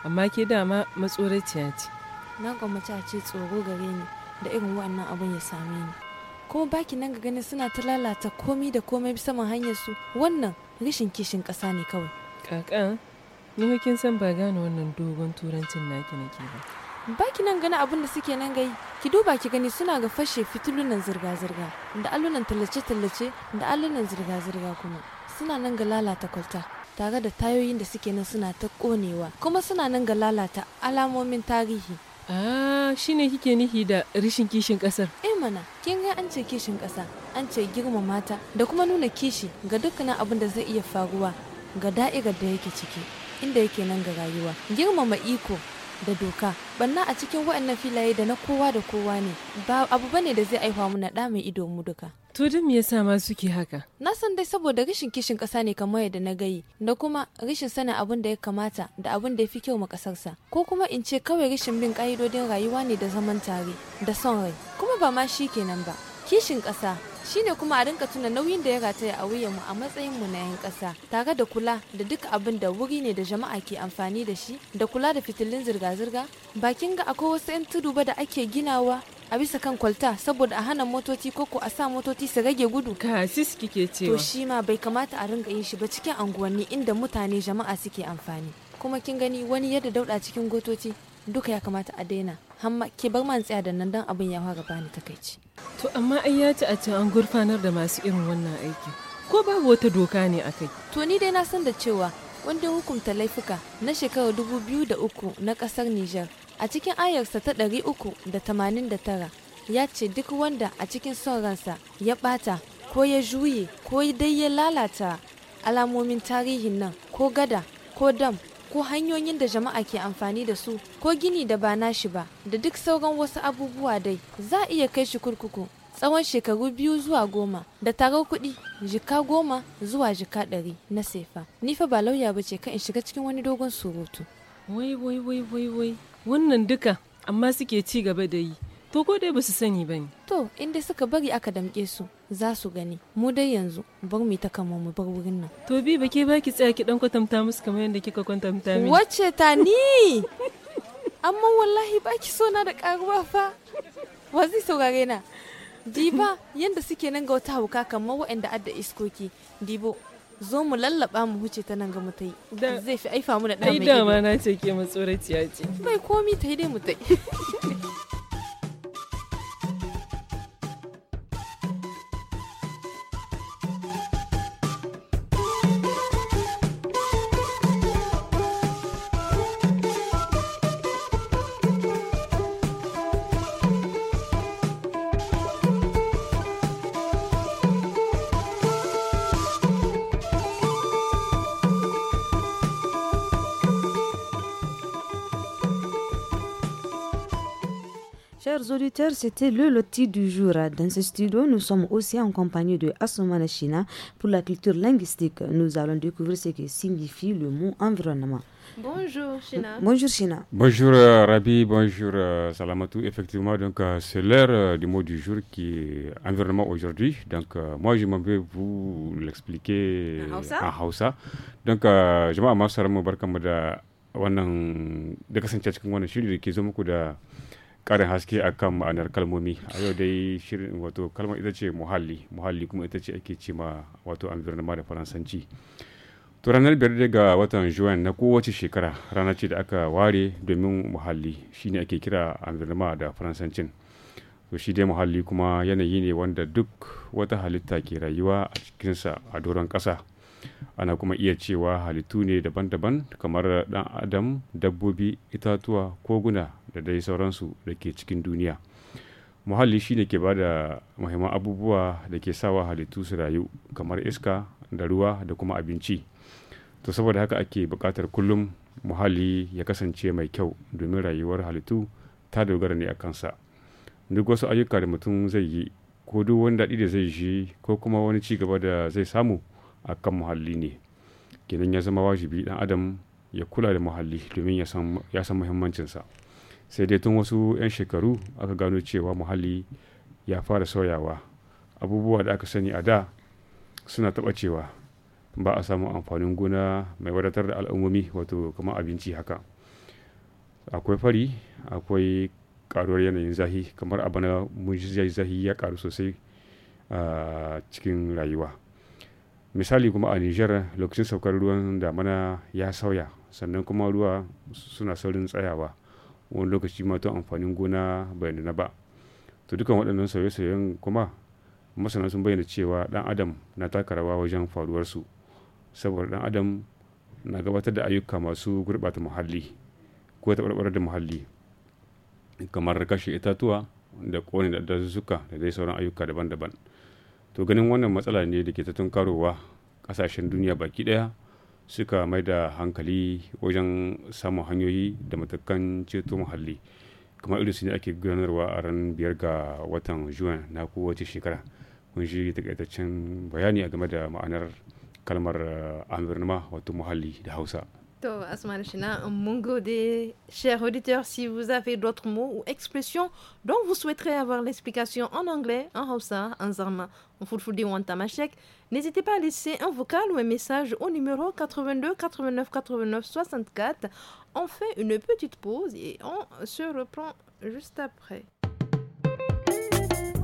amma ke dama matsoraciya ce na gwammaci a ce tsoro gare ni da irin wannan abun ya same ni kuma baki nan ga ganin suna ta lalata komi da komai saman hanyar su wannan rashin kishin ƙasa ne kawai kaka ni kin san ba gane wannan dogon turancin naki nake ba baki nan gani abin da suke nan gai ki duba ki gani suna ga fashe fitilunan zirga-zirga da alunan tallace-tallace da alunan zirga-zirga kuma suna nan ga lalata kwalta tare da tayoyin da suke nan suna ta konewa kuma suna nan ga lalata alamomin tarihi Ah, ne kike nihi da rishin kishin kasar. Eh mana, kin ga an ce kishin ƙasa an ce girma mata da kuma nuna kishi ga dukkanin abin da zai iya faruwa ga da'irar da yake ciki, inda yake nan ga rayuwa. Girmama iko da doka banna a cikin waɗannan filaye da na kowa da kowa ne ba abu bane da zai aiwa mu na ɗa mai ido mu duka To da me yasa ma suke haka? Na san dai saboda rashin kishin ƙasa ne kamar yadda na gayi, da kuma rashin sanin abin da ya kamata da abin da ya fi kyau ma ƙasarsa, ko kuma in ce kawai rashin bin ƙa'idodin rayuwa ne da zaman tare da son rai, kuma ba ma shi kenan ba. Kishin ƙasa shine kuma a rinka tuna nauyin da ya rataya a wuyanmu a matsayin mu na 'yan ƙasa tare da kula da duk abin da wuri ne da jama'a ke amfani da shi da kula da fitilun zirga-zirga bakin ga akwai wasu 'yan tudu ba da ake ginawa a bisa kan kwalta saboda a hana motoci ko ko a sa motoci su rage gudu ka sis kike cewa to shi ma bai kamata a ringa yin shi ba cikin anguwanni inda mutane jama'a suke amfani kuma kin gani wani yadda dauda cikin gotoci duka ya kamata a daina hamma ke bar man tsaya da nan dan abin ya fara bani takaici to amma ai ya ci a ce an gurfanar da masu irin wannan aiki ko babu wata doka ne a kai. to ni dai na san da cewa wanda hukunta laifuka na shekarar 2003 na kasar niger. A cikin ayarsa ta ɗari uku da da tamanin tara ya ce duk wanda a cikin son ransa ya ɓata ko ya juye ko dai ya lalata alamomin tarihin nan ko gada ko dam ko hanyoyin da jama'a ke amfani da su ko gini da ba nashi ba da duk sauran wasu abubuwa dai za a iya kai shi kurkuku tsawon shekaru biyu zuwa goma da tarar kuɗi jika goma zuwa jika ɗari na sefa nifa ba lauya ba ce ka in shiga cikin wani dogon surutu wai wai wai wai wai wannan duka amma suke ci gaba da yi to ko dai basu sani ba ne to inda suka bari aka damke su za su gani mu dai yanzu bar mu ta kama mu bar wurin nan to bi ba ke baki tsaya ki dan kwatanta musu kamar yadda kika kwatanta mini wacce ta ni amma wallahi baki so na da karuwa fa wa zai saurare na diba yanda suke nan ga wata hauka kamar waɗanda adda iskoki dibo zo mu lallaba mu huce ta nan ga mu tai zai fi aifa mu da ɗan mai da dama na ce ke matsoraciya ce bai komi ta dai mu tai auditeurs, c'était le loti du jour. Dans ce studio, nous sommes aussi en compagnie de Asomana China pour la culture linguistique. Nous allons découvrir ce que signifie le mot environnement. Bonjour China. Euh, bonjour Bonjour euh, Rabi, bonjour euh, Salamatou. Effectivement, donc c'est l'heure du mot du jour qui est environnement aujourd'hui. Donc moi je m'en vais vous l'expliquer en Hausa. Donc je m'en vais à Moubarkamada. wannan da cikin wannan shiri da ke zama ku da karin haske akan ma'anar kalmomi a yau dai shirin wato kalmar ita ce muhalli muhalli kuma ita ce ake ce ma wato environnement da faransanci to ranar biyar daga watan juan na kowace shekara rana ce da aka ware domin muhalli shine ake kira environnement da faransancin to shi dai muhalli kuma yanayi ne wanda duk wata halitta ke rayuwa a cikinsa a doron ƙasa ana kuma iya cewa halittu ne daban-daban kamar ɗan adam dabbobi itatuwa koguna da dai sauransu da ke cikin duniya muhalli shine ke ba da muhimman abubuwa da ke sawa halittu su rayu kamar iska da ruwa da kuma abinci to saboda haka ake buƙatar kullum muhalli ya kasance mai kyau domin rayuwar halittu ta dogara ne a kansa duk wasu ayyuka da mutum zai yi ko duk wani daɗi da zai shi ko kuma wani ci gaba da zai samu a kan muhalli ne kenan ya zama wajibi dan adam ya kula da muhalli domin ya san muhimmancinsa sai dai tun wasu 'yan shekaru aka gano cewa muhalli ya fara sauyawa abubuwa da aka sani a da suna taɓa cewa ba a samu amfanin gona mai wadatar da al'ummomi wato kamar abinci haka akwai fari akwai karuwar yanayin zahi kamar a bana mun zahi ya karu sosai a ah, cikin rayuwa misali kuma a niger lokacin saukar ruwan damana ya sauya sannan kuma ruwa suna saurin tsayawa wani lokaci ma amfanin gona bai na ba to dukan waɗannan sauye-sauyen kuma masana sun bayyana cewa ɗan adam na taka rawa wajen faruwarsu saboda ɗan adam na gabatar da ayyuka masu gurɓata muhalli ko taɓarɓarar da muhalli kamar kashe itatuwa da ƙone da dazuzzuka da dai sauran ayyuka daban-daban to ganin wannan matsala ne da ke ta tunkarowa kasashen duniya baki daya suka mai da hankali wajen samun hanyoyi da matakan ceto muhalli kamar irin su ne ake gudanarwa a ran biyar ga watan juan na kowace shekara kun shi takaitaccen bayani a game da ma'anar kalmar amirma wato muhalli da hausa des chers auditeurs, si vous avez d'autres mots ou expressions dont vous souhaiterez avoir l'explication en anglais, en Hausa, en Zarma, en Fulfulde ou en Tamashek, n'hésitez pas à laisser un vocal ou un message au numéro 82 89 89 64. On fait une petite pause et on se reprend juste après.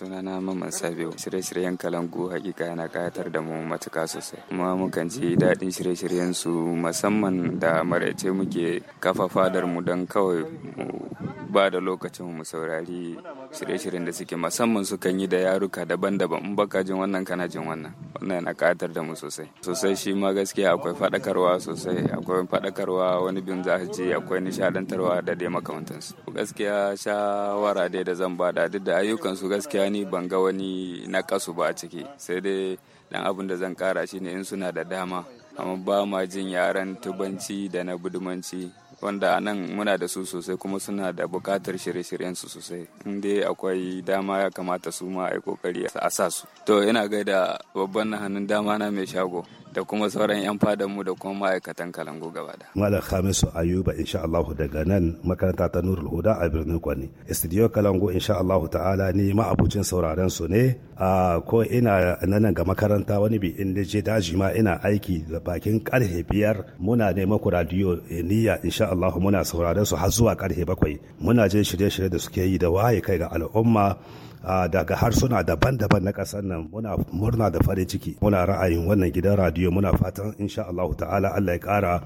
sunana Maman Sabiu shirye-shiryen kalangu hakika yana kayatar da mu matuka sosai kuma mukan ji daɗin shirye-shiryen su musamman da maraice muke kafa fadar mu don kawai mu ba da lokacin mu saurari shirye-shiryen da suke musamman kan yi da yaruka daban-daban in baka jin wannan kana jin wannan wannan yana kayatar da mu sosai sosai shi ma gaskiya akwai faɗakarwa sosai akwai faɗakarwa wani bin za ji akwai nishadantarwa da dai makamantansu gaskiya shawara dai da zan bada duk da ayyukan su gaskiya gani ban ga wani na kasu ba a ciki sai dai dan abin da zan kara shi ne in suna da dama amma ba ma jin yaren tubanci da na budumanci wanda a nan muna da su sosai kuma suna da bukatar shirye-shiryen su sosai in dai akwai dama ya kamata su ma a yi kokari a sa su to ina gaida babban hannun dama na mai shago da kuma sauran 'yan fadan mu da kuma ma'aikatan kalangu gaba da. Malam Hamisu Ayuba insha Allah daga nan makaranta ta Nurul Huda a birnin Kwani. Studio Kalangu insha Allah ta'ala ni ma'abucin sauraren su ne a ko ina nan ga makaranta wani bi in je daji ma ina aiki da bakin karhe biyar muna neman ku radiyo niyya insha Allah muna sauraren su har zuwa karhe bakwai muna je shirye-shirye da suke yi da waye kai ga al'umma Ah, daga harsuna daban-daban na ƙasar nan muna murna da farin ciki muna ra'ayin wannan gidan radiyo muna fatan insha Allah ta'ala Allah ya ƙara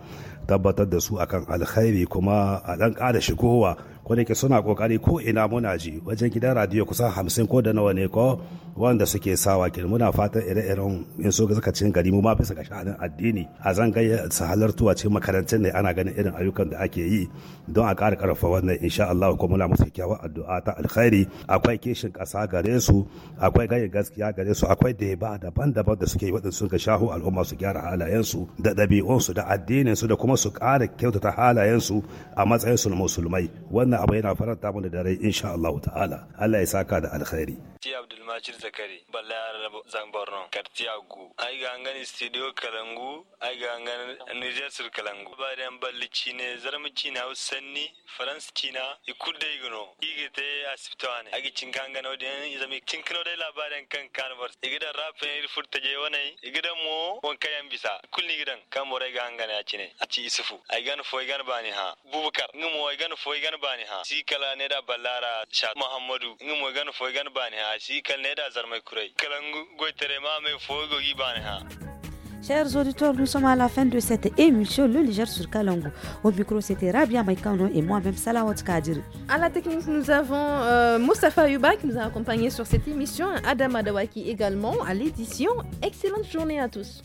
tabbatar da su akan alkhairi kuma a ɗan ƙara shigowa ko da ke suna kokari ko ina muna ji wajen gidan radio kusan hamsin ko da nawa ne ko wanda suke sawa kin muna fatan ire-iren in so ga cikin gari mu ma bisa ga a addini a zangaye su halartuwa cikin makarantun ne ana ganin irin ayyukan da ake yi don a ƙara ƙarfa wannan insha Allah ko muna musu kyakkyawar addu'a ta alkhairi akwai kishin ƙasa gare su akwai gayin gaskiya gare su akwai ba daban-daban da suke yi waɗanda sun shahu al'umma su gyara halayensu da ɗabi'unsu da addinin su da kuma su ƙara kyautata halayensu a matsayinsu na musulmai wannan wannan abu yana faranta mana da rai insha Allah ta'ala Allah ya saka da alkhairi ti Abdulmajid Zakari ballar Zamborno Kartiagu ai ga ngani studio Kalangu ai ga ngani Niger Sir Kalangu ba da ballici ne zarmici na Hausanni France China igno agi izami labaran kan Canvas igida rafin irfurta je wani mo bisa kulli gidan kan morai ga ngana cine a ci isufu ai gan foi gan bani ha ngumo ai gan foi gan bani Chers auditeurs, nous sommes à la fin de cette émission Le Niger sur Kalango. Au micro, c'était Rabia Maikano et moi-même Salawat Kadir. À la technique, nous avons euh, Moustapha Yuba qui nous a accompagnés sur cette émission, Adam Adawaki également à l'édition. Excellente journée à tous.